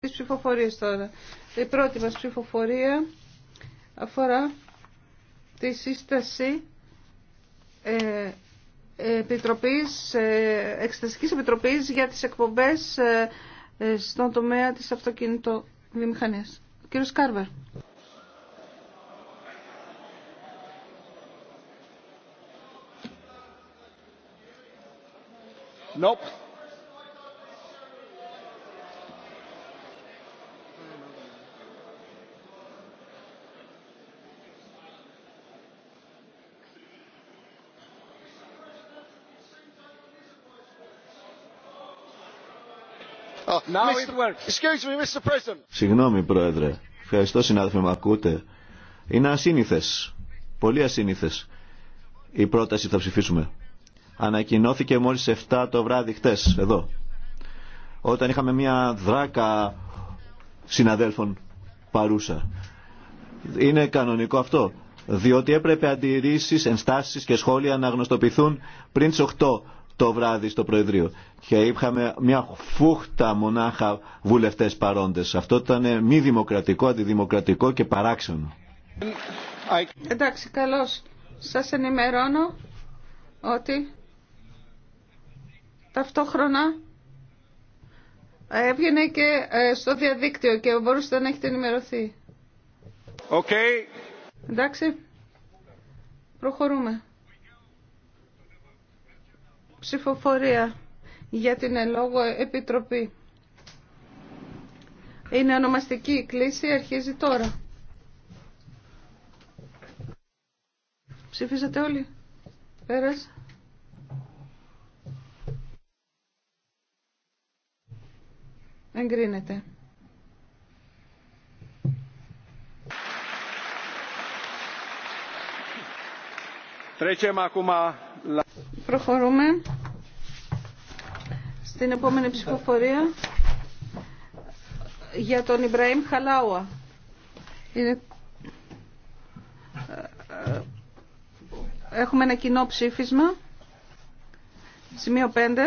τις ψηφοφορίες τώρα. Η πρώτη μας ψηφοφορία αφορά τη σύσταση ε, επιτροπής, ε, επιτροπής για τις εκπομπές ε, ε, στον τομέα της αυτοκινητοβιομηχανίας. Κύριος Κάρβερ. Nope. Συγγνώμη, Πρόεδρε. Ευχαριστώ, συνάδελφε, με ακούτε. Είναι ασύνηθες. Πολύ ασύνηθες. Η πρόταση που θα ψηφίσουμε. Ανακοινώθηκε μόλις 7 το βράδυ χτες, εδώ. Όταν είχαμε μια δράκα συναδέλφων παρούσα. Είναι κανονικό αυτό. Διότι έπρεπε αντιρρήσει, ενστάσεις και σχόλια να γνωστοποιηθούν πριν τι 8 το βράδυ στο Προεδρείο. Και είχαμε μια φούχτα μονάχα βουλευτές παρόντες. Αυτό ήταν μη δημοκρατικό, αντιδημοκρατικό και παράξενο. Εντάξει, καλώς. Σας ενημερώνω ότι ταυτόχρονα έβγαινε και ε, στο διαδίκτυο και μπορούσατε να έχετε ενημερωθεί. Okay. Εντάξει, προχωρούμε ψηφοφορία για την ελόγω επιτροπή. Είναι ονομαστική η κλίση, αρχίζει τώρα. Ψηφίσατε όλοι. Πέρασε. Εγκρίνεται. Trecem ακόμα προχωρούμε στην επόμενη ψηφοφορία για τον Ιμπραήμ Χαλάουα. Ε, ε, έχουμε ένα κοινό ψήφισμα. Σημείο 5.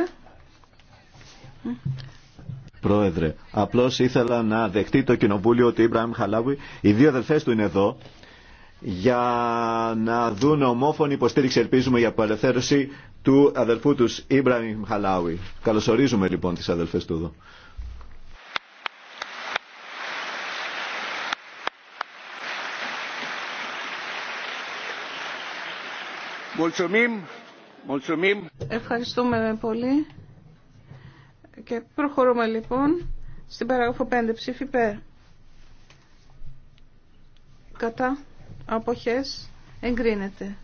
Πρόεδρε, απλώς ήθελα να δεχτεί το κοινοβούλιο ότι Ιμπραήμ Χαλάουι, οι δύο αδελφές του είναι εδώ, για να δουν ομόφωνη υποστήριξη ελπίζουμε για απελευθέρωση του αδελφού τους Ιμπραμ Χαλάουι. Καλωσορίζουμε λοιπόν τις αδελφές του εδώ. Ευχαριστούμε πολύ και προχωρούμε λοιπόν στην παράγραφο 5 ψήφι Κατά αποχές εγκρίνεται.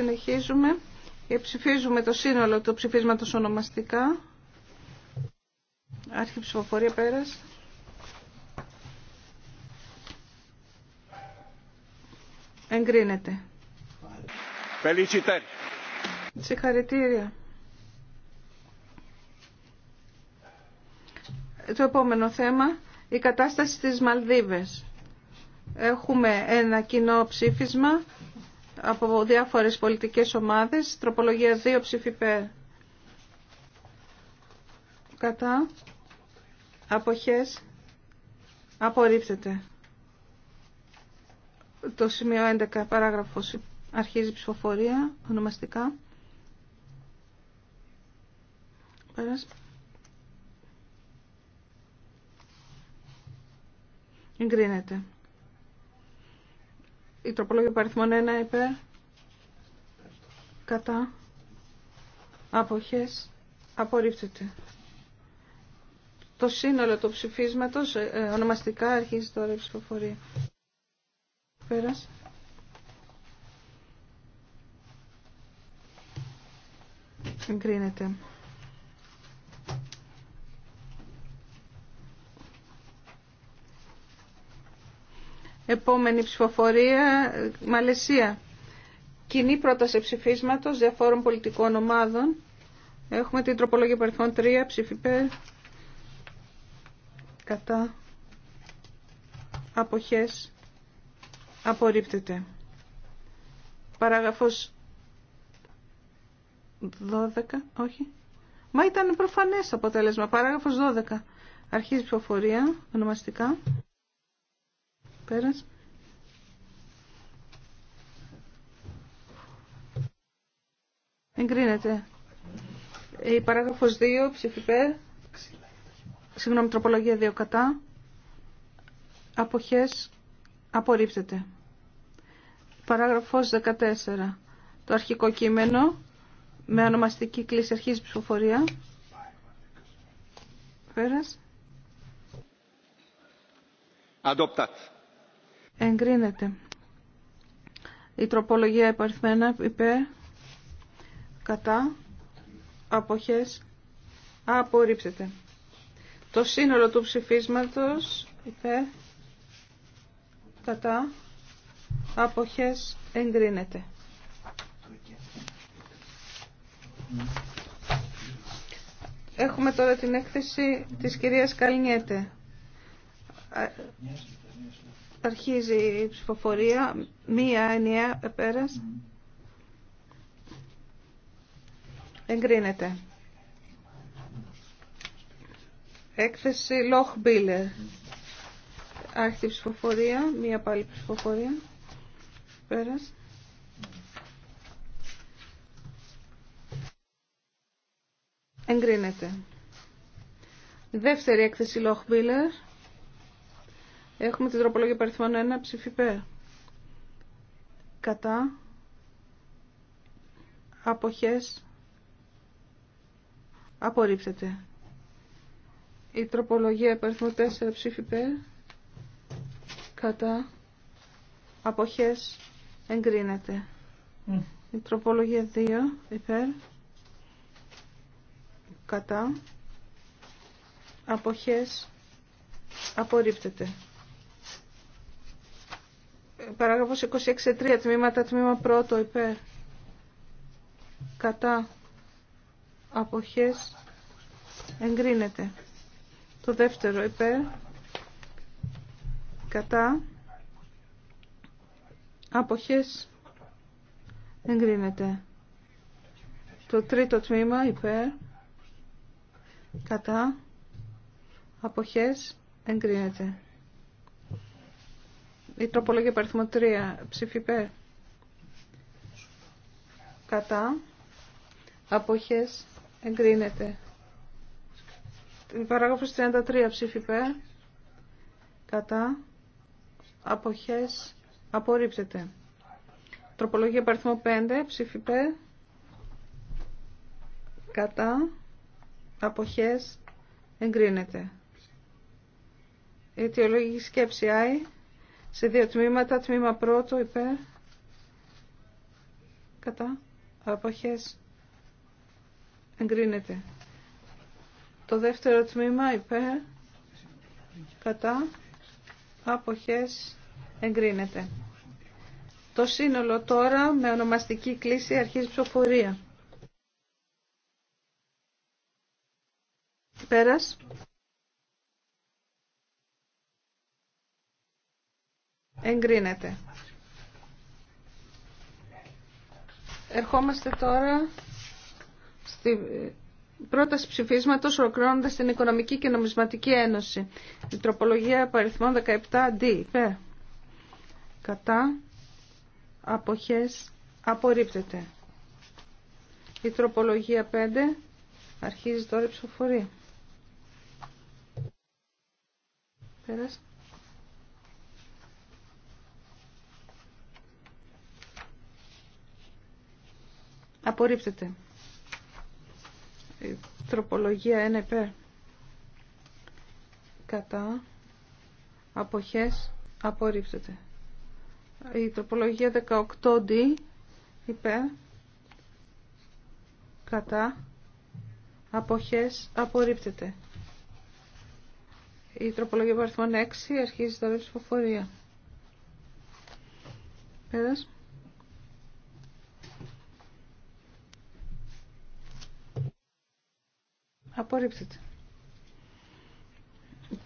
Συνεχίζουμε και ε, ψηφίζουμε το σύνολο του ψηφίσματος ονομαστικά. Άρχη ψηφοφορία πέρας. Εγκρίνεται. Felicitări. Συγχαρητήρια. Το επόμενο θέμα, η κατάσταση της Μαλδίβες. Έχουμε ένα κοινό ψήφισμα από διάφορες πολιτικές ομάδες. Τροπολογία 2 ψηφιπέ. Κατά. Αποχές. Απορρίπτεται. Το σημείο 11 παράγραφος αρχίζει ψηφοφορία ονομαστικά. Πέρας. Εγκρίνεται. Η τροπολογία παριθμών 1 είπε Κατά. Αποχές. απορρίφθηκε. Το σύνολο του ψηφίσματος ε, ε, ονομαστικά αρχίζει τώρα η ψηφοφορία. Πέρασε. Εγκρίνεται. Επόμενη ψηφοφορία, Μαλαισία. Κοινή πρόταση ψηφίσματος διαφόρων πολιτικών ομάδων. Έχουμε την τροπολογία παρελθόν 3, ψηφιπέ, Κατά. Αποχές. Απορρίπτεται. Παράγραφος 12, όχι. Μα ήταν προφανές το αποτέλεσμα. Παράγραφος 12. Αρχίζει η ψηφοφορία, ονομαστικά. Πέρας. Εγκρίνεται. Η παράγραφο 2, ψηφιπέ. Συγγνώμη, τροπολογία 2 κατά. Αποχές απορρίπτεται. Παράγραφος 14. Το αρχικό κείμενο με ονομαστική κλίση αρχής ψηφοφορία. Πέρας. Adoptat εγκρίνεται. Η τροπολογία υπαριθμένα είπε κατά, αποχές, απορρίψεται. Το σύνολο του ψηφίσματος είπε κατά, αποχές, εγκρίνεται. Έχουμε τώρα την έκθεση της κυρίας Καλνιέτε Αρχίζει η ψηφοφορία. Μία ενιαία πέρας. Εγκρίνεται. Έκθεση Λόχ Μπίλερ. η ψηφοφορία. Μία πάλι ψηφοφορία. Πέρας. Εγκρίνεται. Δεύτερη έκθεση Λόχ Μπίλερ. Έχουμε την τροπολογία παριθμών 1 ψήφι Κατά. Αποχές. Απορρίπτεται. Η τροπολογία παριθμών 4 ψήφι Κατά. Αποχές. Εγκρίνεται. Η τροπολογία 2 υπέρ. Κατά. Αποχές. Απορρίπτεται. Παράγραφος 26.3 τμήματα, τμήμα Πρώτο υπέρ. Κατά. Αποχές. Εγκρίνεται. Το δεύτερο υπέρ. Κατά. Αποχές. Εγκρίνεται. Το τρίτο τμήμα υπέρ. Κατά. Αποχές. Εγκρίνεται. Η τροπολογία παριθμό 3. ψήφιπε Κατά. Αποχές. Εγκρίνεται. Η παράγραφος 33. ψήφιπε Κατά. Αποχές. Απορρίπτεται. Τροπολογία παριθμό 5. Ψήφι Κατά. Αποχές. Εγκρίνεται. Η αιτιολογική σκέψη I σε δύο τμήματα. Τμήμα πρώτο υπέρ. Κατά. Αποχές. Εγκρίνεται. Το δεύτερο τμήμα υπέρ. Κατά. Αποχές. Εγκρίνεται. Το σύνολο τώρα με ονομαστική κλίση αρχίζει ψηφοφορία. Πέρας. Εγκρίνεται. Ερχόμαστε τώρα στη πρόταση ψηφίσματο ολοκληρώνοντα την Οικονομική και Νομισματική Ένωση. Η τροπολογία παριθμών 17D. Κατά. Αποχές. Απορρίπτεται. Η τροπολογία 5 αρχίζει τώρα η ψηφοφορία. Απορρίπτεται. Η τροπολογία 1 υπέρ. Κατά. Αποχές. Απορρίπτεται. Η τροπολογία 18D υπέρ. Κατά. Αποχές. Απορρίπτεται. Η τροπολογία παριθμών 6 αρχίζει τώρα η ψηφοφορία. Πέρασ. Απορρίπτεται.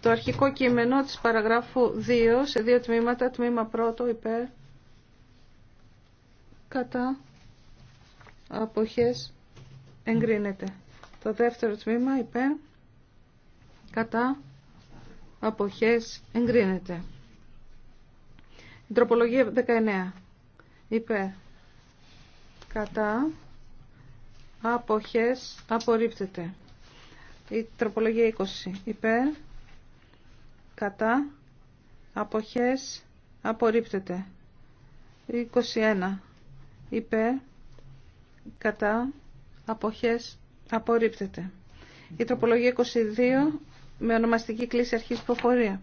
Το αρχικό κείμενο της παραγράφου 2 σε δύο τμήματα, τμήμα πρώτο υπέρ, κατά, αποχές, εγκρίνεται. Το δεύτερο τμήμα υπέρ, κατά, αποχές, εγκρίνεται. Η τροπολογία 19 υπέρ, κατά, αποχές, απορρίπτεται. Η τροπολογία 20 υπέρ, κατά, αποχές, απορρίπτεται. 21 υπέρ, κατά, αποχές, απορρίπτεται. Η τροπολογία 22 με ονομαστική κλίση αρχής υποφορία.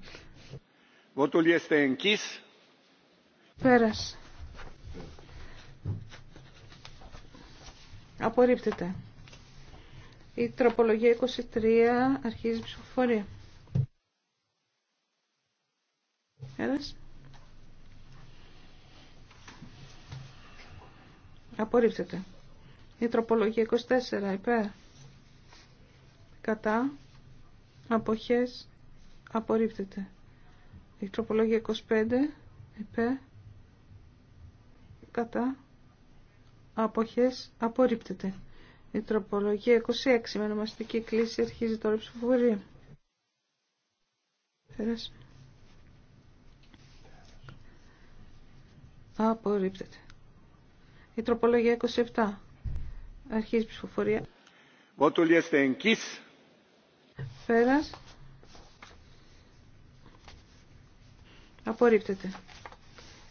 Πέρας. Απορρίπτεται. Η τροπολογία 23 αρχίζει ψηφοφορία. Ένας. Απορρίπτεται. Η τροπολογία 24 υπέρ. Κατά. Αποχές. Απορρίπτεται. Η τροπολογία 25 υπέρ. Κατά. Αποχές. Απορρίπτεται. Η τροπολογία 26 με ονομαστική κλίση αρχίζει τώρα η ψηφοφορία. Απορρίπτεται. Η τροπολογία 27. Αρχίζει η ψηφοφορία. Votul λιέστε εγκείς. Απορρίπτεται.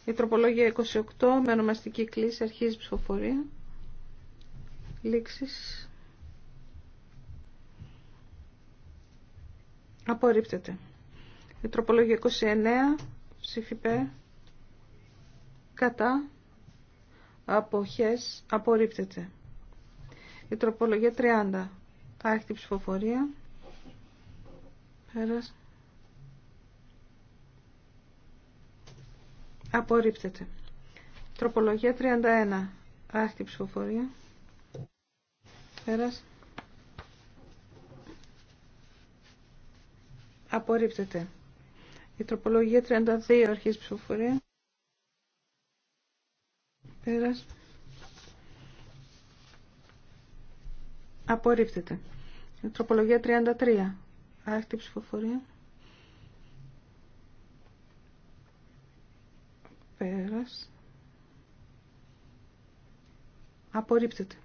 Η τροπολογία 28 με ονομαστική κλίση αρχίζει η ψηφοφορία λήξης απορρίπτεται η τροπολογία 29 ψηφιπέ κατά αποχές απορρίπτεται η τροπολογία 30 άρχιτη ψηφοφορία πέρας απορρίπτεται τροπολογία 31 άρχιτη ψηφοφορία Πέρας. Απορρίπτεται. Η τροπολογία 32 αρχής ψηφοφορία. Πέρας. Απορρίπτεται. Η τροπολογία 33. αρχής ψηφοφορία. Πέρας. Απορρίπτεται.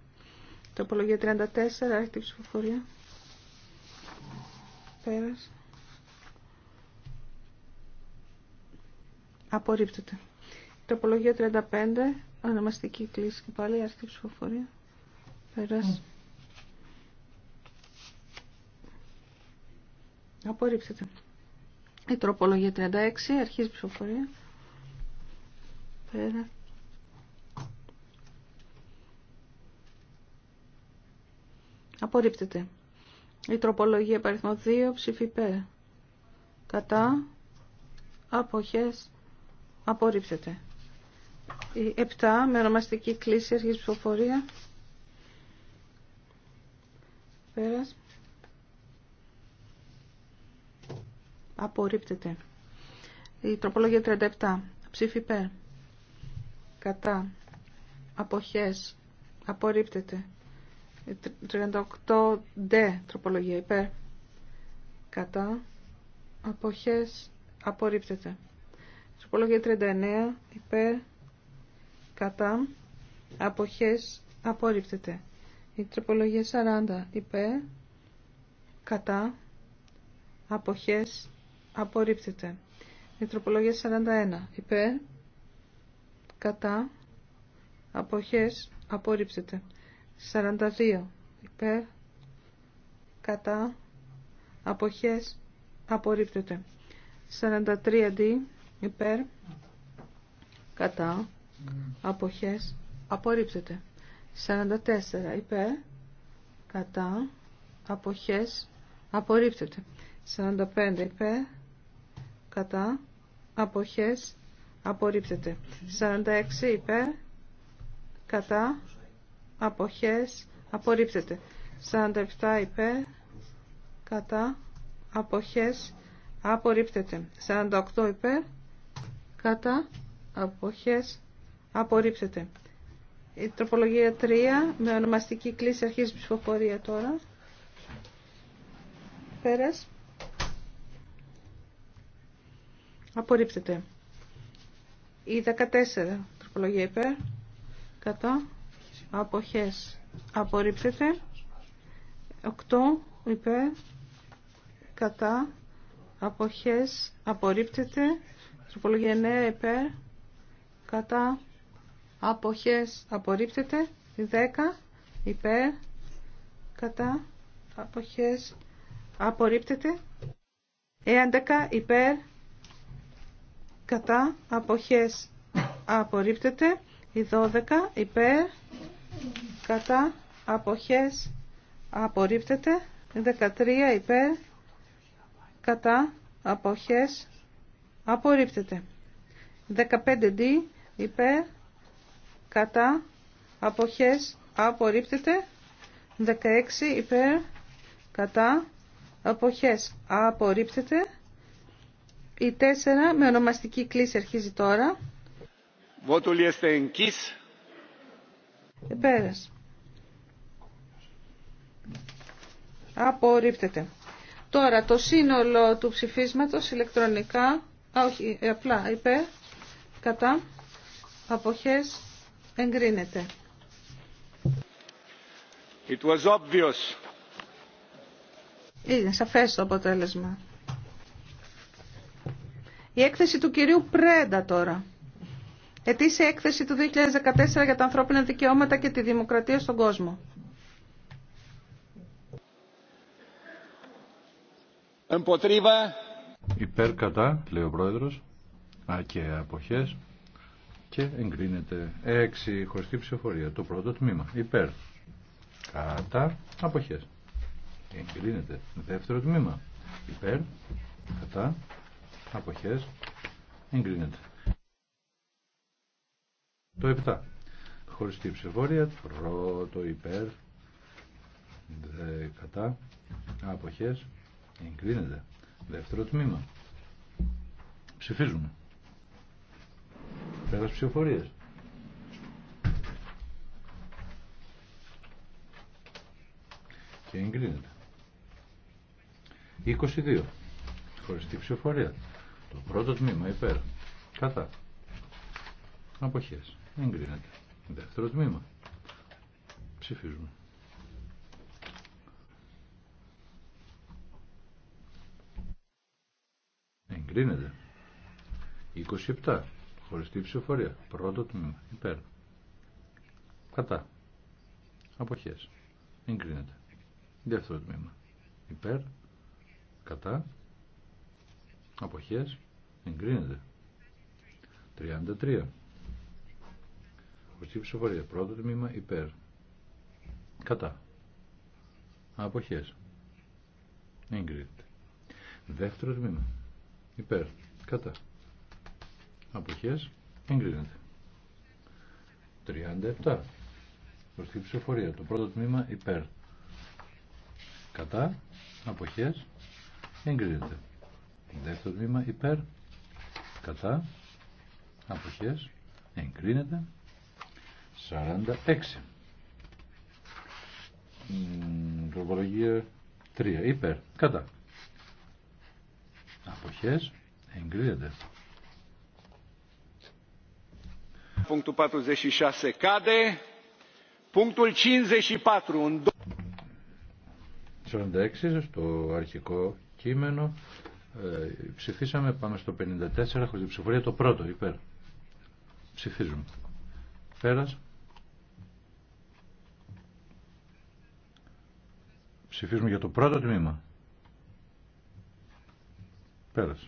Τροπολογία 34, έχει ψηφοφορία. Πέρας. Απορρίπτεται. Τροπολογία 35, ονομαστική κλίση και πάλι, έχει ψηφοφορία. Πέρας. Απορρίπτεται. Η τροπολογία 36, αρχίζει ψηφοφορία. Πέρα. Απορρίπτεται. Η τροπολογία παριθμό 2 ψήφι Κατά. Αποχές. Απορρίπτεται. Η 7 με ονομαστική κλίση αρχής ψηφοφορία. Πέρας. Απορρίπτεται. Η τροπολογία 37. Ψήφι Κατά. Αποχές. Απορρίπτεται. 38D τροπολογία υπέρ κατά αποχές απορρίπτεται. Τροπολογία 39 υπέρ κατά αποχές απορρίπτεται. Η τροπολογία 40 υπέρ κατά αποχές απορρίπτεται. Η τροπολογία 41 υπέρ κατά αποχές απορρίπτεται. 42 υπέρ κατά αποχές απορρίπτεται 43 δι υπέρ κατά αποχές απορρίπτεται 44 υπέρ κατά αποχές απορρίπτεται 45 υπέρ κατά αποχές απορρίπτεται 46 υπέρ κατά αποχές απορρίπτεται 47 υπέρ κατά αποχές απορρίπτεται 48 υπέρ κατά αποχές απορρίπτεται η τροπολογία 3 με ονομαστική κλίση αρχής ψηφοφορία τώρα πέρας απορρίπτεται η 14 τροπολογία υπέρ κατά αποχές απορρίπτεται 8 υπέ κατά αποχές απορρίπτεται τροπολογία 9 υπέ κατά αποχές απορρίπτεται 10 υπέ κατά αποχές απορρίπτεται 11 υπέρ κατά αποχές απορρίπτεται η 12 υπέρ κατά αποχές απορρίπτεται 13 υπέρ κατά αποχές απορρίπτεται 15D υπέρ κατά αποχές απορρίπτεται 16 υπέρ κατά αποχές απορρίπτεται η 4 με ονομαστική κλίση αρχίζει τώρα Votul este închis. Ε, πέρας. Απορρίπτεται. Τώρα το σύνολο του ψηφίσματος ηλεκτρονικά, α, όχι, ε, απλά Είπε. κατά, αποχές, εγκρίνεται. It was obvious. Είναι σαφές το αποτέλεσμα. Η έκθεση του κυρίου Πρέντα τώρα ετήσια έκθεση του 2014 για τα ανθρώπινα δικαιώματα και τη δημοκρατία στον κόσμο. Εμποτρίβα. Υπέρ κατά, λέει ο πρόεδρος, και αποχές και εγκρίνεται έξι χωριστή ψηφοφορία. Το πρώτο τμήμα, υπέρ, κατά, αποχές. Εγκρίνεται δεύτερο τμήμα, υπέρ, κατά, αποχές, εγκρίνεται. Το 7. Χωριστή ψηφοφορία. Πρώτο υπέρ. Δε, κατά. Αποχές. Εγκρίνεται. Δεύτερο τμήμα. Ψηφίζουμε. Πέρα ψηφοφορίε. Και εγκρίνεται. 22. Χωριστή ψηφοφορία. Το πρώτο τμήμα υπέρ. Κατά. Αποχές. Εγκρίνεται. Δεύτερο τμήμα. Ψηφίζουμε. Εγκρίνεται. 27. Χωριστή ψηφοφορία. Πρώτο τμήμα. Υπέρ. Κατά. Αποχές. Εγκρίνεται. Δεύτερο τμήμα. Υπέρ. Κατά. Αποχές. Εγκρίνεται. 33. Χωριστική ψηφοφορία. Πρώτο τμήμα υπέρ. Κατά. Αποχέ. Εγκρίνεται. Δεύτερο τμήμα. Υπέρ. Κατά. Αποχέ, Εγκρίνεται. 37. Χωριστική ψηφοφορία. Το πρώτο τμήμα υπέρ. Κατά. αποχέ, Εγκρίνεται. Δεύτερο τμήμα υπέρ. Κατά. Αποχές. Εγκρίνεται. 46. Τροπολογία 3. Υπέρ. Κατά. Αποχές. Εγκρίνεται. Punctul 46 cade. 54. 46 στο αρχικό κείμενο ε, ψηφίσαμε πάνω στο 54 χωρίς ψηφορία το πρώτο υπέρ. Ψηφίζουμε. πέρασε Ψηφίζουμε για το πρώτο τμήμα. Πέρασε.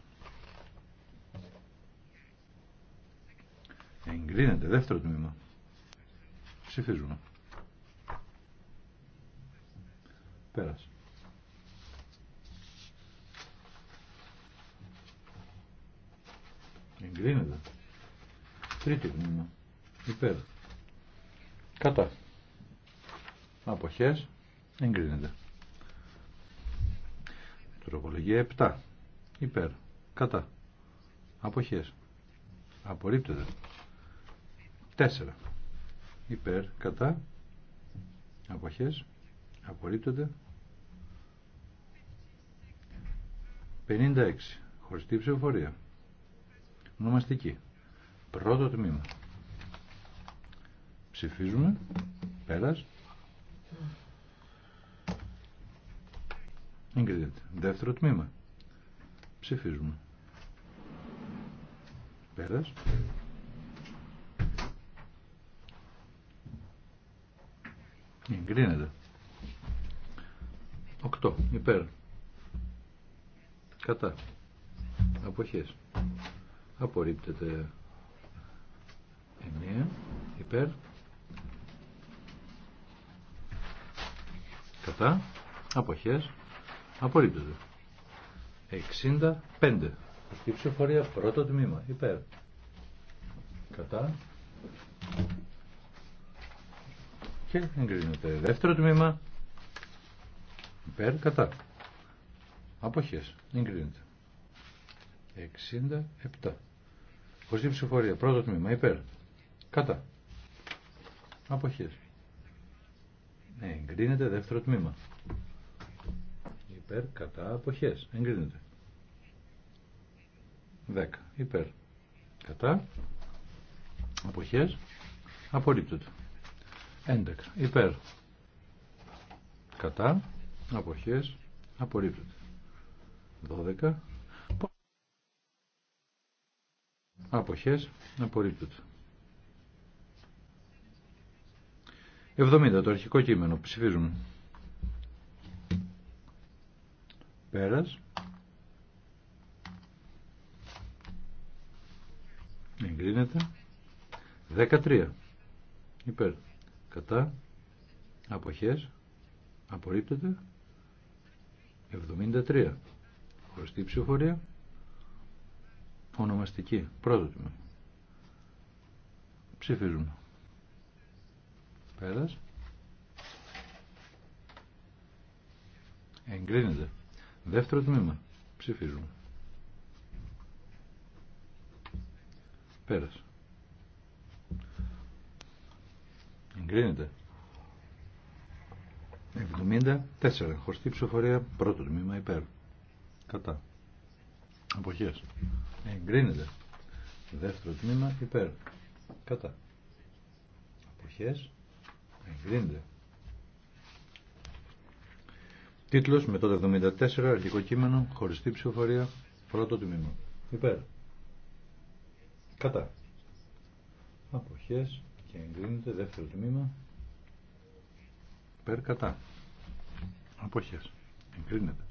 Εγκρίνεται. Δεύτερο τμήμα. Ψηφίζουμε. Πέρασε. Εγκρίνεται. Τρίτο τμήμα. Υπέρ. Κατά. Αποχές. Εγκρίνεται. Τροπολογία 7. Υπέρ. Κατά. Αποχέ. Απορρίπτεται. 4. Υπέρ. Κατά. Αποχές. Απορρίπτεται. 56. Χωριστή ψηφοφορία. Ονομαστική. Πρώτο τμήμα. Ψηφίζουμε. Πέρας. Εγκρίνεται. Δεύτερο τμήμα. Ψηφίζουμε. Πέρας. Εγκρίνεται. Οκτώ. Υπέρ. Κατά. Αποχές. Απορρίπτεται. Εννέα. Υπέρ. Κατά. Αποχές. Απολύτω. 65. Αυτή η ψηφοφορία πρώτο τμήμα. Υπέρ. Κατά. Και εγκρίνεται. Δεύτερο τμήμα. Υπέρ. Κατά. Αποχές. Εγκρίνεται. 67. Χωρί ψηφοφορία. Πρώτο τμήμα. Υπέρ. Κατά. Αποχές. Ναι, εγκρίνεται δεύτερο τμήμα υπέρ, κατά, αποχές, εγκρίνεται. 10 υπέρ, κατά, αποχές, απορρίπτεται. 11 υπέρ, κατά, αποχές, απορρίπτεται. 12 αποχές, απορρίπτεται. 70 το αρχικό κείμενο, ψηφίζουμε. Πέρας. Εγκρίνεται. 13. Υπέρ. Κατά. Αποχές. Απορρίπτεται. 73. Χωριστή ψηφορία. Ονομαστική. Πρώτο τμήμα. Ψηφίζουμε. Πέρας. Εγκρίνεται. Δεύτερο τμήμα. Ψηφίζουμε. Πέρασε. Εγκρίνεται. 74. Χωστή ψηφοφορία. Πρώτο τμήμα υπέρ. Κατά. Αποχές. Εγκρίνεται. Δεύτερο τμήμα υπέρ. Κατά. Αποχές. Εγκρίνεται. Τίτλος με το 74 αρχικό κείμενο χωριστή ψηφοφορία πρώτο τμήμα. Υπέρ. Κατά. Αποχές και εγκρίνεται δεύτερο τμήμα. Υπέρ κατά. Αποχές. Εγκρίνεται.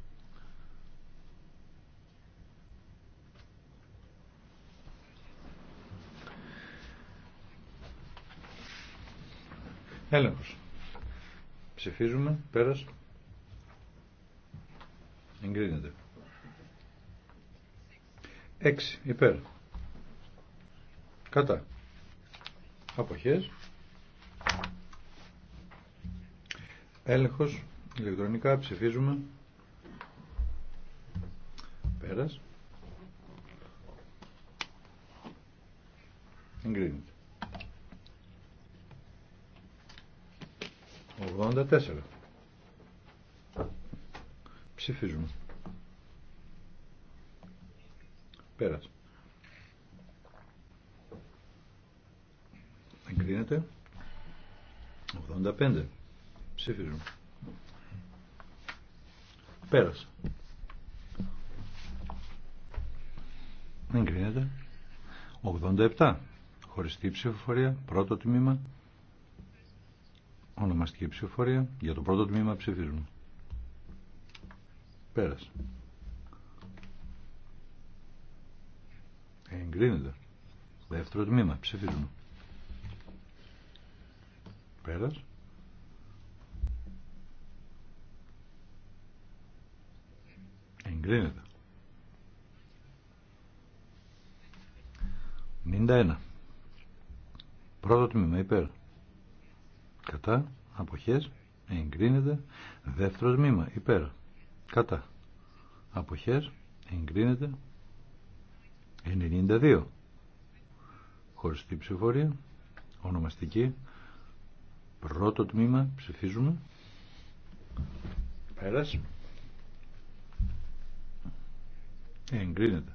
Έλεγχος. Ψηφίζουμε. Πέρας. Εγκρίνεται. Έξι υπέρ. Κατά. Αποχές. Έλεγχος. Ηλεκτρονικά ψηφίζουμε. Πέρας. Εγκρίνεται. 84. Ψηφίζουμε. Πέρας. Εγκρίνεται. 85. Ψηφίζουμε. Πέρας. Εγκρίνεται. 87. Χωριστή ψηφοφορία. Πρώτο τμήμα. Ονομαστική ψηφοφορία. Για το πρώτο τμήμα ψηφίζουμε. Πέρασε. Ε, εγκρίνεται. Δεύτερο τμήμα. Ψηφίζουμε. Πέρασε. Εγκρίνεται. 91. Πρώτο τμήμα υπέρ. Κατά. Αποχές. Εγκρίνεται. Δεύτερο τμήμα υπέρ κατά χερ εγκρίνεται 92 χωριστή ψηφορία ονομαστική πρώτο τμήμα ψηφίζουμε πέρας εγκρίνεται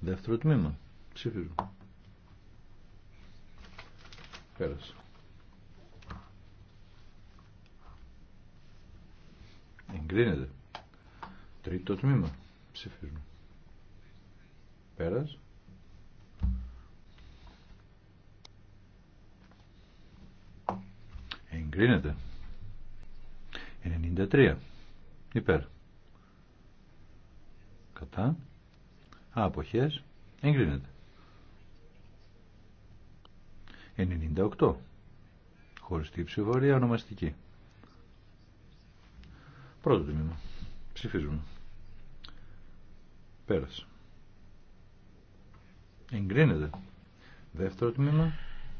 δεύτερο τμήμα ψηφίζουμε πέρας εγκρίνεται Τρίτο τμήμα. Ψηφίζουμε. Πέρας. Εγκρίνεται. 93. Υπέρ. Κατά. Αποχές. Εγκρίνεται. 98. Χωριστή ψηφορία ονομαστική. Πρώτο τμήμα. Ψηφίζουμε. Πέρασε. Εγκρίνεται. Δεύτερο τμήμα.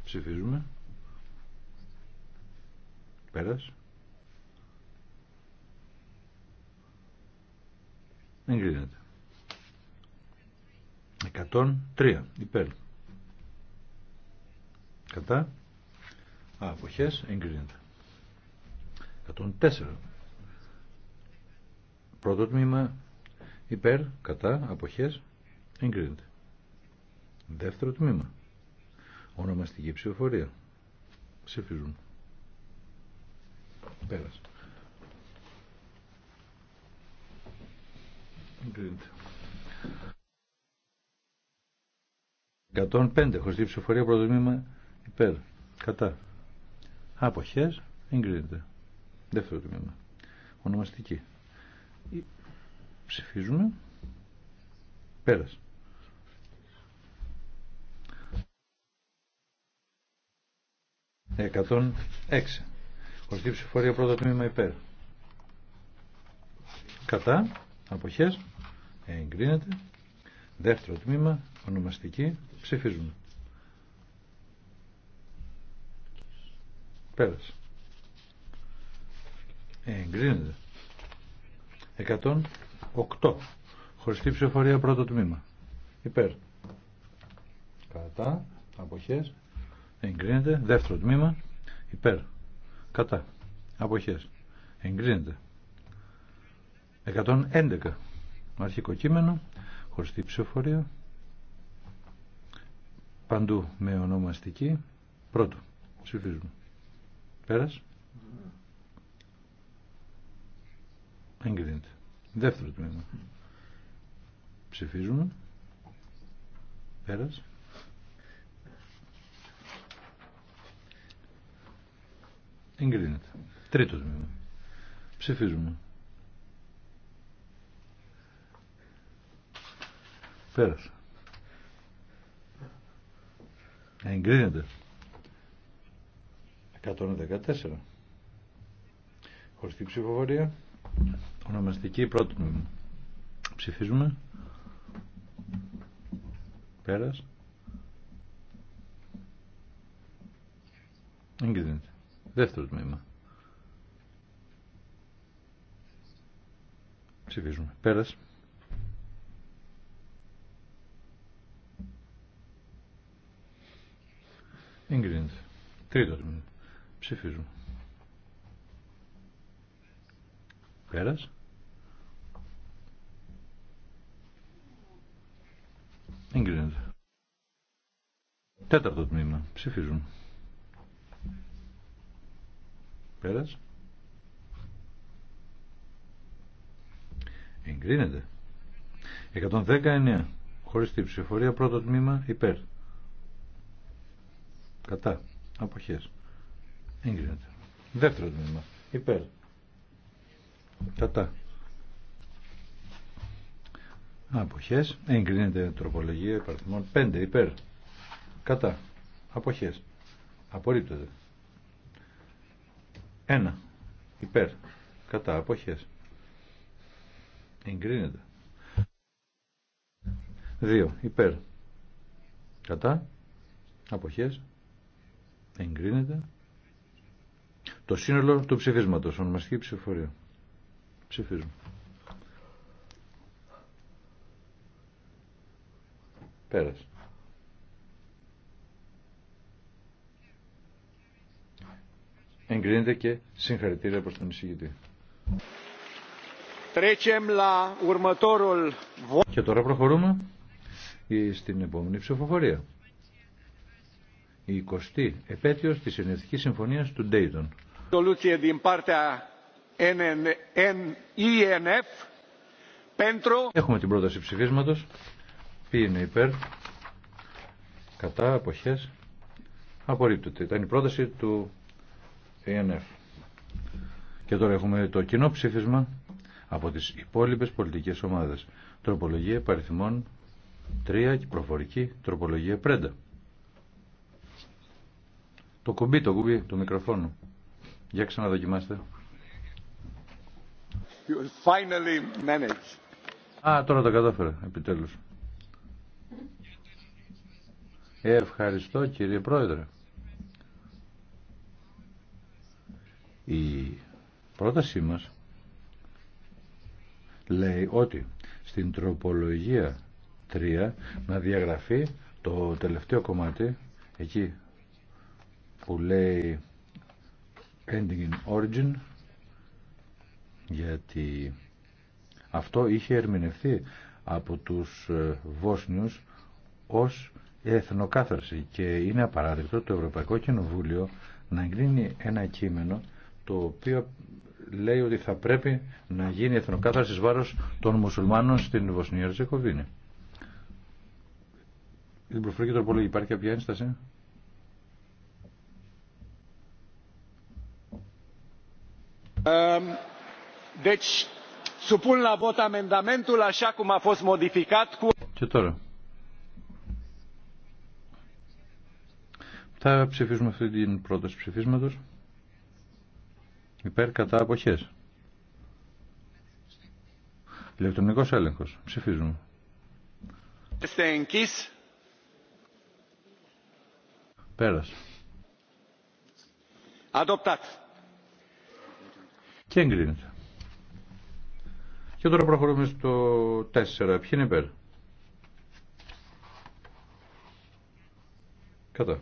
Ψηφίζουμε. Πέρασε. Εγκρίνεται. 103 υπέρ. Κατά. Α, αποχές εγκρίνεται. 104. Πρώτο τμήμα Υπέρ, κατά, αποχές, εγκρίνεται. Δεύτερο τμήμα. Ονομαστική ψηφοφορία. Ψηφίζουν. Πέρασε. Εγκρίνεται. 105 χωριστή ψηφοφορία πρώτο τμήμα υπέρ. Κατά. Αποχές εγκρίνεται. Δεύτερο τμήμα. Ονομαστική. Ψηφίζουμε. Πέρασε. 106. έξι. Χωριστή ψηφορία πρώτο τμήμα υπέρ. Κατά. Αποχές. Εγκρίνεται. Δεύτερο τμήμα. Ονομαστική. Ψηφίζουμε. Πέρασε. Εγκρίνεται. Εκατόν 8. Χωριστή ψηφοφορία πρώτο τμήμα. Υπέρ. Κατά. Αποχές. Εγκρίνεται. Δεύτερο τμήμα. Υπέρ. Κατά. Αποχές. Εγκρίνεται. 111. Αρχικό κείμενο. Χωριστή ψηφοφορία. Παντού με ονομαστική. Πρώτο. Ψηφίζουμε. Πέρας. Mm-hmm. Εγκρίνεται. Δεύτερο τμήμα. Ψηφίζουμε. Πέρας. Εγκρίνεται. Τρίτο τμήμα. Ψηφίζουμε. Πέρασε. Εγκρίνεται. 114. Χωριστή ψηφοφορία. Ονομαστική πρώτη μου. Ψηφίζουμε. Πέρας. Εγκρίνεται. Δεύτερο τμήμα. Ψηφίζουμε. Πέρας. Εγκρίνεται. Τρίτο τμήμα. Ψηφίζουμε. Πέρας. Εγκρίνεται. Τέταρτο τμήμα. Ψηφίζουν. Πέρας. Εγκρίνεται. 119. Χωρίς τη ψηφορία πρώτο τμήμα υπέρ. Κατά. Αποχές. Εγκρίνεται. Δεύτερο τμήμα. Υπέρ. Κατά. Αποχές. Εγκρίνεται τροπολογία υπαρθμών. 5 υπέρ. Κατά. Αποχές. Απορρίπτεται. 1 υπέρ. Κατά. Αποχές. Εγκρίνεται. 2 υπέρ. Κατά. Αποχές. Εγκρίνεται. Το σύνολο του ψηφίσματος. Ονομαστική ψηφοφορία. Ψηφίσμα. Πέρασε. Εγκρίνεται και συγχαρητήρια προς τον εισηγητή. Και τώρα προχωρούμε ε, στην επόμενη ψηφοφορία. Η 20η επέτειος της Ενευτικής Συμφωνίας του Ντέιτον. Έχουμε την πρόταση ψηφίσματος. Ποιοι είναι υπέρ, κατά, αποχές, απορρίπτωται. Ήταν η πρόταση του ΕΝΕΦ. Και τώρα έχουμε το κοινό ψήφισμα από τις υπόλοιπες πολιτικές ομάδες. Τροπολογία παριθμών 3 και προφορική τροπολογία πρέντα. Το κουμπί, το κουμπί του μικροφόνου. Για ξαναδοκιμάστε. Α, τώρα τα κατάφερα, επιτέλους. Ευχαριστώ κύριε Πρόεδρε. Η πρότασή μας λέει ότι στην τροπολογία 3 να διαγραφεί το τελευταίο κομμάτι εκεί που λέει ending in origin γιατί αυτό είχε ερμηνευθεί από τους ε, Βόσνιους ως εθνοκάθαρση και είναι απαράδεκτο το Ευρωπαϊκό Κοινοβούλιο να εγκρίνει ένα κείμενο το οποίο λέει ότι θα πρέπει να γίνει εθνοκάθαρση βάρος των μουσουλμάνων στην Βοσνία Ριζεκοβίνη. Την προφορική τροπολογία υπάρχει κάποια ένσταση. deci Και τώρα Θα ψηφίσουμε αυτή την πρόταση ψηφίσματο. Υπέρ κατά αποχές. Ηλεκτρονικός έλεγχος. Ψηφίζουμε. Στέγκης. Πέρασε. Adoptat. Και εγκρίνεται. Και τώρα προχωρούμε στο 4. Ποιοι είναι υπέρ. Κατά.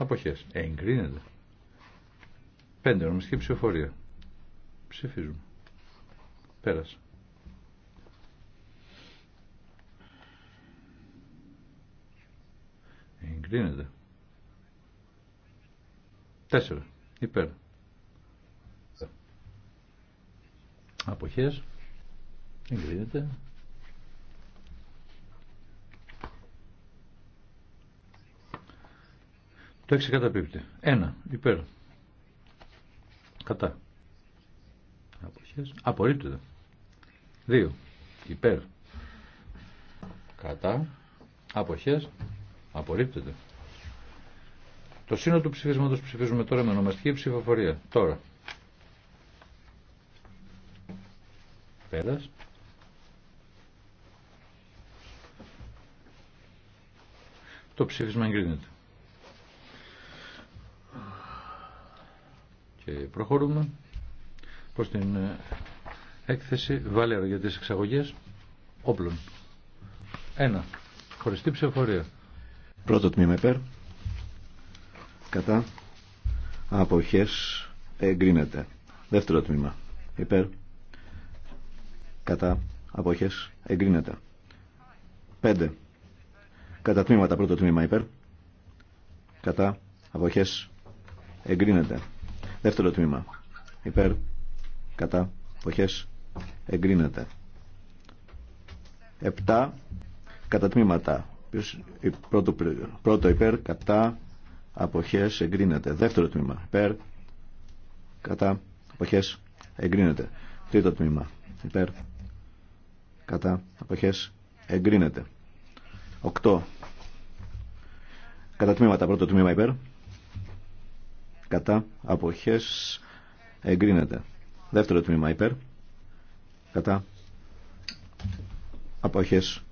Αποχές. Ε, εγκρίνεται. Πέντε νομιστική ψηφοφορία. Ψηφίζουμε. Πέρασε. Ε, εγκρίνεται. Τέσσερα. Υπέρ. Αποχές. Εγκρίνεται. Το 6 καταπίπτει. 1 υπέρ. Κατά. Απορρίπτεται. 2 υπέρ. Κατά. αποχέ, Απορρίπτεται. Το σύνολο του ψηφίσματος ψηφίζουμε τώρα με ονομαστική ψηφοφορία. Τώρα. Πέρας. Το ψήφισμα εγκρίνεται. Και προχωρούμε προς την ε, έκθεση Βαλέρο για τις εξαγωγές όπλων. Ένα. Χωριστή ψηφορία. Πρώτο τμήμα υπέρ. Κατά. Αποχές εγκρίνεται. Δεύτερο τμήμα. Υπέρ. Κατά. Αποχές εγκρίνεται. 5. Κατά τμήματα πρώτο τμήμα υπέρ. Κατά. Αποχές εγκρίνεται. Δεύτερο τμήμα. Υπέρ. Κατά. Αποχές. Εγκρίνεται. Επτά. Κατά τμήματα. Πρώτο, πρώτο υπέρ. Κατά. Αποχές. Εγκρίνεται. Δεύτερο τμήμα. Υπέρ. Κατά. Αποχές. Εγκρίνεται. Τρίτο τμήμα. Υπέρ. Κατά. Αποχές. Εγκρίνεται. Οκτώ. Κατά τμήματα. Πρώτο τμήμα υπέρ κατά αποχές εγκρίνεται. Δεύτερο τμήμα υπέρ κατά αποχές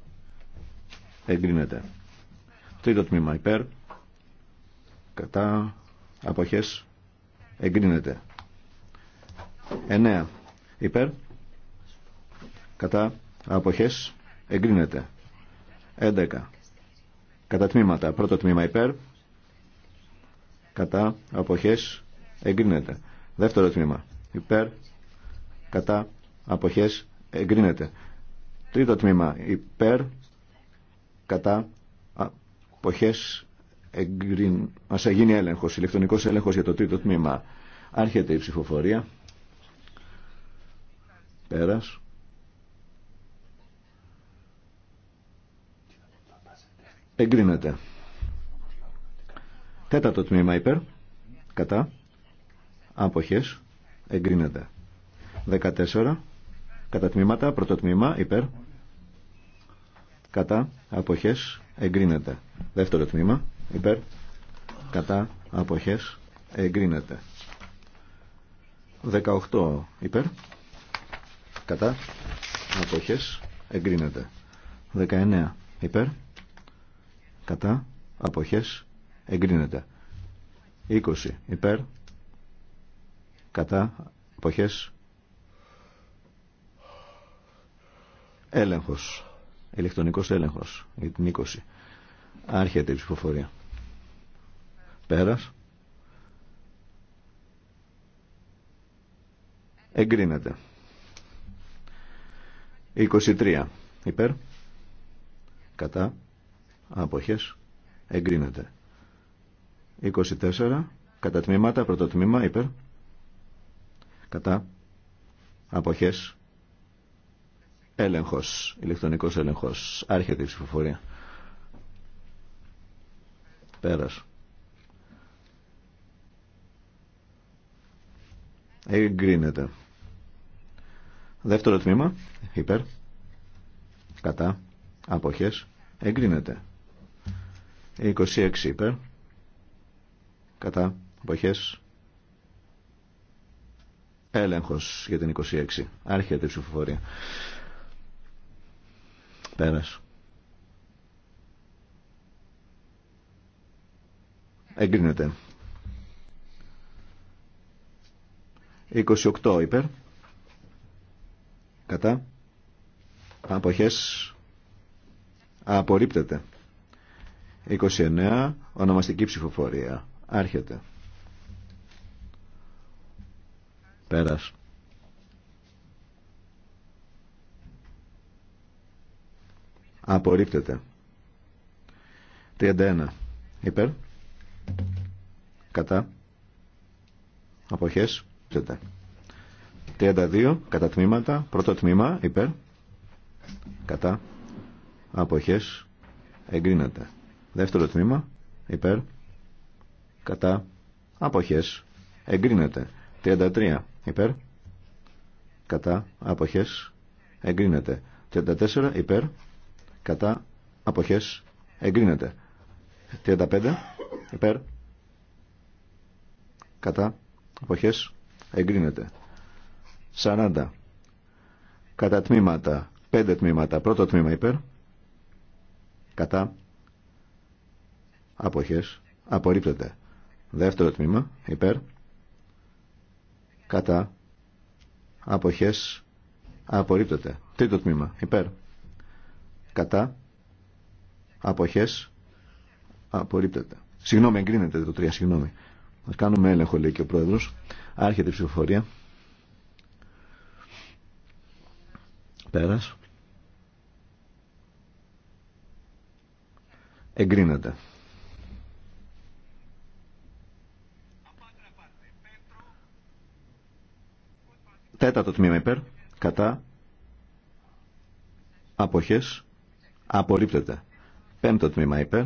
εγκρίνεται. Τρίτο τμήμα υπέρ κατά αποχές εγκρίνεται. Εννέα Υπέρ κατά αποχές εγκρίνεται. Έντεκα Κατά τμήματα. Πρώτο τμήμα υπέρ κατά αποχές εγκρίνεται. Δεύτερο τμήμα υπέρ κατά αποχές εγκρίνεται. Τρίτο τμήμα υπέρ κατά αποχές εγκρίνεται. Ας γίνει έλεγχος, ηλεκτρονικός έλεγχος για το τρίτο τμήμα. Άρχεται η ψηφοφορία. Πέρας. Εγκρίνεται. Τέταρτο τμήμα υπέρ. Κατά. Άποχες. Εγκρίνεται. Δεκατέσσερα Κατά τμήματα. Πρώτο τμήμα υπέρ. Κατά. Αποχές. Εγκρίνεται. Δεύτερο τμήμα υπέρ. Κατά. Αποχές. Εγκρίνεται. υπέρ υπέρ. Κατά. Αποχές. Εγκρίνεται. Δεκαεννέα υπέρ. Κατά. Αποχές εγκρίνεται. 20 υπέρ κατά εποχές έλεγχος ηλεκτρονικός έλεγχος για την 20 άρχεται η ψηφοφορία πέρας εγκρίνεται 23 υπέρ κατά αποχές εγκρίνεται 24 κατά τμήματα, πρώτο τμήμα υπέρ κατά αποχές έλεγχος, ηλεκτρονικός έλεγχος άρχεται η ψηφοφορία πέρας εγκρίνεται δεύτερο τμήμα υπέρ κατά αποχές εγκρίνεται 26 υπέρ κατά αποχές έλεγχος για την 26 άρχεται η ψηφοφορία πέρας εγκρίνεται 28 υπέρ κατά αποχές απορρίπτεται 29 ονομαστική ψηφοφορία Άρχεται. Πέρας. Απορρίπτεται. 31. Υπέρ. Κατά. Αποχές. 32. Κατά τμήματα. Πρώτο τμήμα. Υπέρ. Κατά. Αποχές. Εγκρίνεται. Δεύτερο τμήμα. Υπέρ κατά αποχές εγκρίνεται 33 υπέρ κατά αποχές εγκρίνεται 34 υπέρ κατά αποχές εγκρίνεται 35 υπέρ κατά αποχές εγκρίνεται 40 κατά τμήματα 5 τμήματα πρώτο τμήμα υπέρ κατά αποχές απορρίπτεται Δεύτερο τμήμα, υπέρ. Κατά. Αποχές. Απορρίπτεται. Τρίτο τμήμα, υπέρ. Κατά. Αποχές. Απορρίπτεται. Συγγνώμη, εγκρίνεται το τρία, συγγνώμη. Ας κάνουμε έλεγχο, λέει και ο πρόεδρος. Άρχεται η ψηφοφορία. Πέρας. Εγκρίνεται. Τέταρτο τμήμα υπέρ. Κατά. Αποχές. Απορρίπτεται. Πέμπτο τμήμα υπέρ.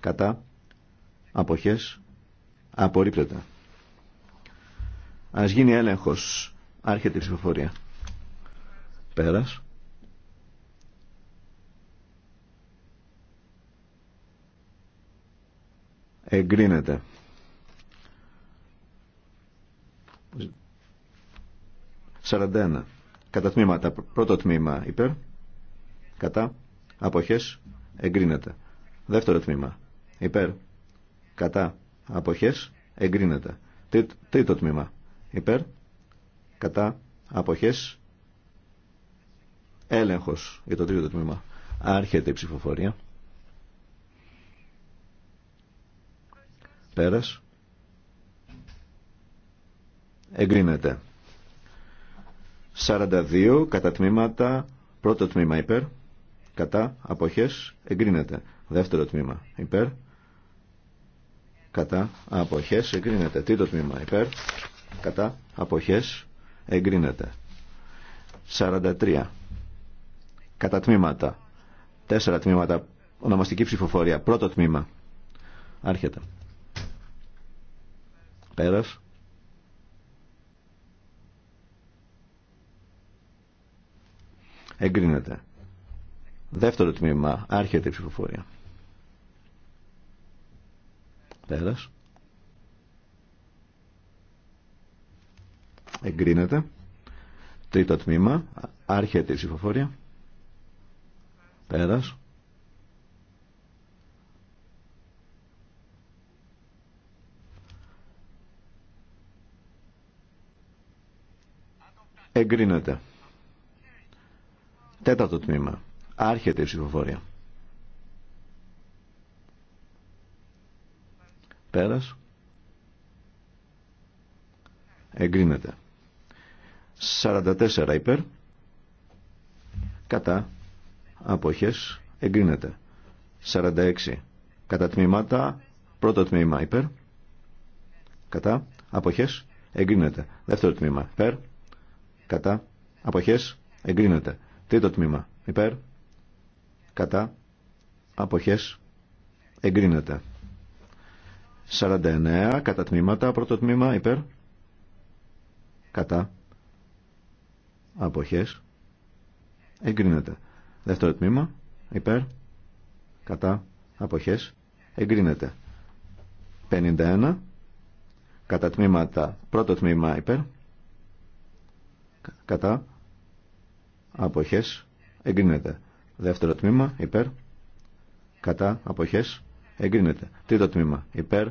Κατά. Αποχές. Απορρίπτεται. Ας γίνει έλεγχος. Άρχεται η ψηφοφορία. Πέρας. Εγκρίνεται. 41. Κατά τμήματα. Πρώτο τμήμα υπέρ. Κατά. Αποχές. Εγκρίνεται. Δεύτερο τμήμα. Υπέρ. Κατά. Αποχές. Εγκρίνεται. Τρίτο τμήμα. Υπέρ. Κατά. Αποχές. Έλεγχος για το τρίτο τμήμα. Άρχεται η ψηφοφορία. Πέρας. Εγκρίνεται. 42 κατά τμήματα, πρώτο τμήμα υπέρ, κατά, αποχές, εγκρίνεται. Δεύτερο τμήμα υπέρ, κατά, αποχές, εγκρίνεται. Τρίτο τμήμα υπέρ, κατά, αποχές, εγκρίνεται. 43 κατά τμήματα, τέσσερα τμήματα, ονομαστική ψηφοφορία, πρώτο τμήμα, άρχεται. Πέρας. Εγκρίνεται. Δεύτερο τμήμα. Άρχεται η ψηφοφορία. Πέρας. Εγκρίνεται. Τρίτο τμήμα. Άρχεται η ψηφοφορία. Πέρας. Εγκρίνεται. Τέταρτο τμήμα. Άρχεται η ψηφοφορία. Πέρας. Εγκρίνεται. 44 υπέρ. Κατά. Αποχές. Εγκρίνεται. 46. Κατά τμήματα. Πρώτο τμήμα υπέρ. Κατά. Αποχές. Εγκρίνεται. Δεύτερο τμήμα υπέρ. Κατά. Αποχές. Εγκρίνεται. Τρίτο τμήμα. Υπέρ. Κατά. Αποχές. Εγκρίνεται. 49 κατά τμήματα. Πρώτο τμήμα. Υπέρ. Κατά. Αποχές. Εγκρίνεται. Δεύτερο τμήμα. Υπέρ. Κατά. Αποχές. Εγκρίνεται. 51 κατά τμήματα. Πρώτο τμήμα. Υπέρ. Κατά αποχές εγκρίνεται. Δεύτερο τμήμα υπέρ κατά αποχές εγκρίνεται. Τρίτο τμήμα υπέρ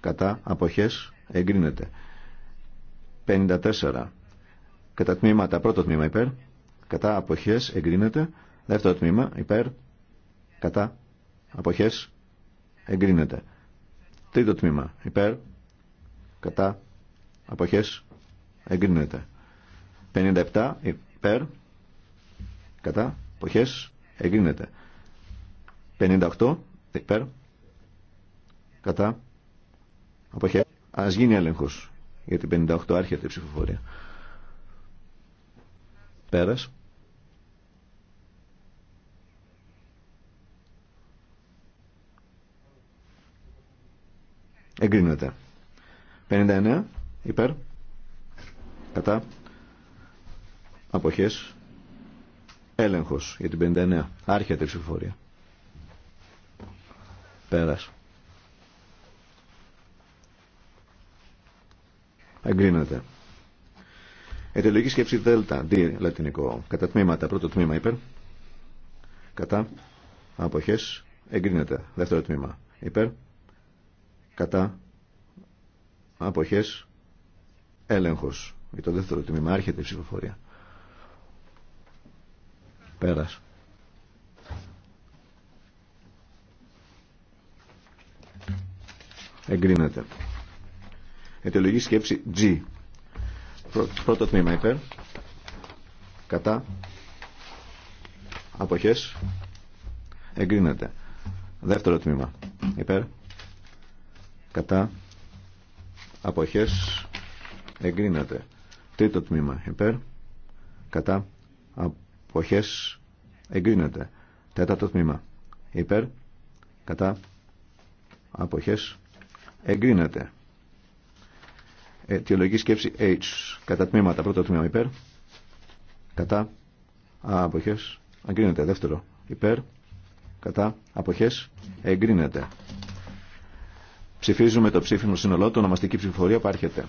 κατά αποχές εγκρίνεται. 54. Κατά τμήματα πρώτο τμήμα υπέρ κατά αποχές εγκρίνεται. Δεύτερο τμήμα υπέρ κατά αποχές εγκρίνεται. Τρίτο τμήμα υπέρ κατά αποχές εγκρίνεται. 57 υπέρ κατά αποχές εγκρίνεται 58 υπέρ κατά αποχές ας γίνει έλεγχος για την 58 άρχεται η ψηφοφορία πέρας εγκρίνεται 59 υπέρ κατά αποχές έλεγχος για την 59 άρχεται η ψηφοφορία πέρας εγκρίνεται ετελογική σκέψη δέλτα δι λατινικό κατά τμήματα πρώτο τμήμα υπέρ κατά αποχές εγκρίνεται δεύτερο τμήμα υπέρ κατά αποχές έλεγχος για το δεύτερο τμήμα άρχεται η ψηφοφορία Πέρας. Εγκρίνεται. Ετελογή σκέψη G. Πρώτο τμήμα υπέρ. Κατά. Αποχές. Εγκρίνεται. Δεύτερο τμήμα υπέρ. Κατά. Αποχές. Εγκρίνεται. Τρίτο τμήμα υπέρ. Κατά. Αποχές εγκρίνεται. Τέταρτο τμήμα. Υπέρ. Κατά. Αποχές εγκρίνεται. Αιτιολογική σκέψη H. Κατά τμήματα. Πρώτο τμήμα υπέρ. Κατά. Αποχές εγκρίνεται. Δεύτερο. Υπέρ. Κατά. Αποχές εγκρίνεται. Ψηφίζουμε το ψήφιμο συνολό. Το ονομαστική ψηφοφορία πάρχεται.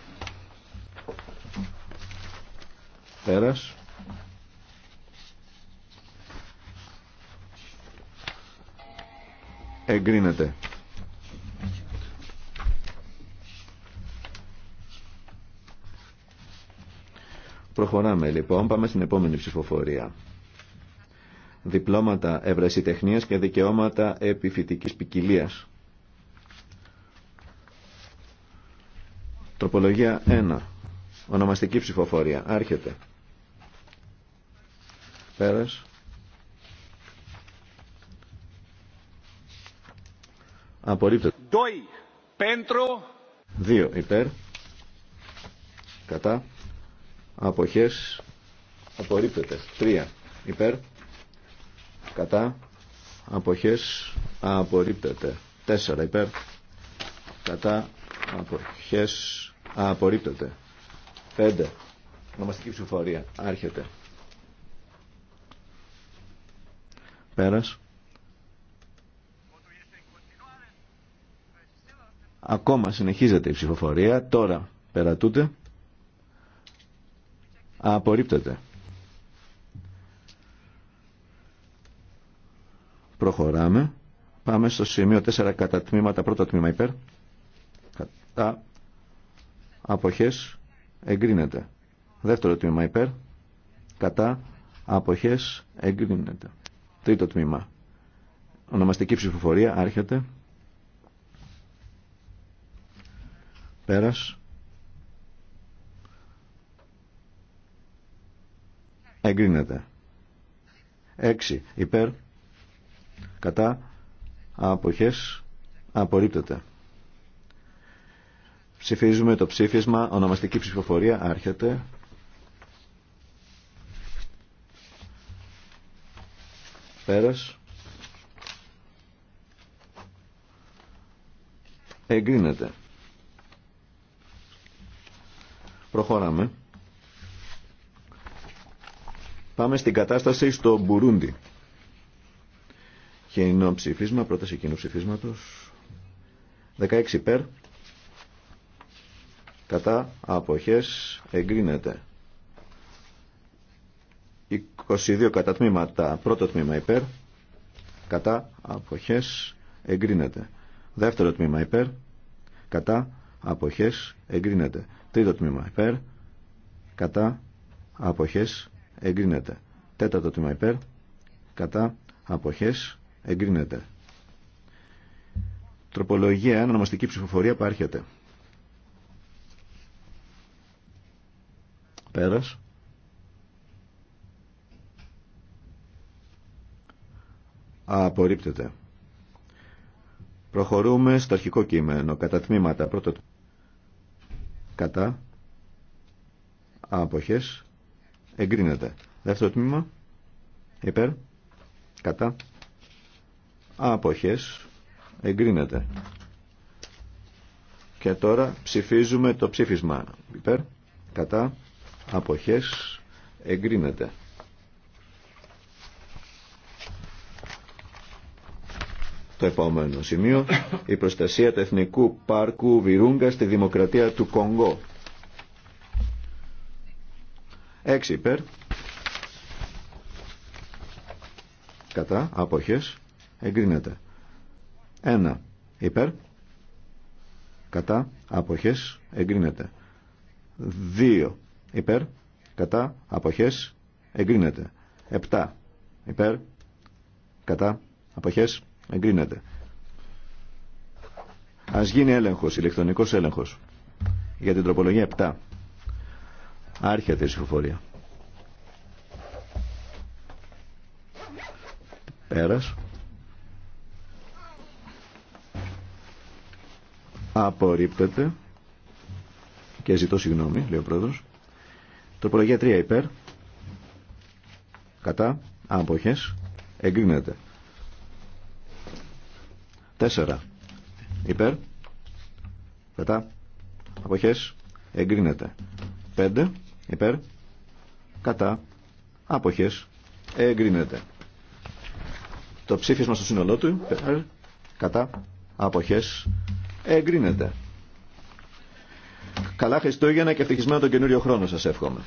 Πέρας. εγκρίνεται. Προχωράμε λοιπόν, πάμε στην επόμενη ψηφοφορία. Διπλώματα ευρεσιτεχνίας και δικαιώματα επιφυτικής ποικιλία. Τροπολογία 1. Ονομαστική ψηφοφορία. Άρχεται. Πέρας. Απορρίπτεται. 2 2 υπέρ. Κατά. Αποχές. Απορρίπτεται. 3 υπέρ. Κατά. Αποχές. Απορρίπτεται. 4 υπέρ. Κατά. Αποχές. Απορρίπτεται. 5. Νομαστική ψηφοφορία. Άρχεται. Πέρας. Ακόμα συνεχίζεται η ψηφοφορία. Τώρα περατούτε. Απορρίπτεται. Προχωράμε. Πάμε στο σημείο 4 κατά τμήματα. Πρώτο τμήμα υπέρ. Κατά αποχές εγκρίνεται. Δεύτερο τμήμα υπέρ. Κατά αποχές εγκρίνεται. Τρίτο τμήμα. Ονομαστική ψηφοφορία άρχεται. Πέρας. Εγκρίνεται. 6. Υπέρ. Κατά. Αποχές. Απορρίπτεται. Ψηφίζουμε το ψήφισμα. Ονομαστική ψηφοφορία. Άρχεται. Πέρας. Εγκρίνεται. Προχωράμε. Πάμε στην κατάσταση στο Μπουρούντι. Κοινό ψηφίσμα, πρόταση κοινού ψηφίσματος. 16 υπέρ. Κατά αποχές εγκρίνεται. 22 κατά τμήματα. Πρώτο τμήμα υπέρ. Κατά αποχές εγκρίνεται. Δεύτερο τμήμα υπέρ. Κατά αποχές εγκρίνεται. Τρίτο τμήμα υπέρ, κατά, αποχές, εγκρίνεται. Τέταρτο τμήμα υπέρ, κατά, αποχές, εγκρίνεται. Τροπολογία 1, ψηφοφορία, παρέρχεται. Πέρας. Απορρίπτεται. Προχωρούμε στο αρχικό κείμενο, κατά τμήματα, πρώτο κατά άποχες εγκρίνεται δεύτερο τμήμα υπέρ κατά άποχες εγκρίνεται και τώρα ψηφίζουμε το ψήφισμα υπέρ κατά αποχές εγκρίνεται Το επόμενο σημείο, η προστασία του Εθνικού Πάρκου Βιρούγκα στη Δημοκρατία του Κονγκό. 6 υπέρ. Κατά, άποχες, εγκρίνεται. Ένα υπέρ. Κατά, άποχες, εγκρίνεται. 2 υπέρ. Κατά, αποχές, εγκρίνεται. 7 υπέρ. Κατά, αποχές, Εγκρίνεται. Α γίνει έλεγχο, ηλεκτρονικό έλεγχο Για την τροπολογία 7. Άρχεται η ψηφοφορία. Πέρας. Απορρίπτεται. Και ζητώ συγγνώμη, λέει ο πρόεδρο. Τροπολογία 3 υπέρ. Κατά. Άποχες. Εγκρίνεται. 4 υπέρ κατά αποχές εγκρίνεται 5 υπέρ κατά αποχές εγκρίνεται το ψήφισμα στο σύνολό του υπέρ κατά αποχές εγκρίνεται Καλά Χριστούγεννα και ευτυχισμένο τον καινούριο χρόνο σας εύχομαι.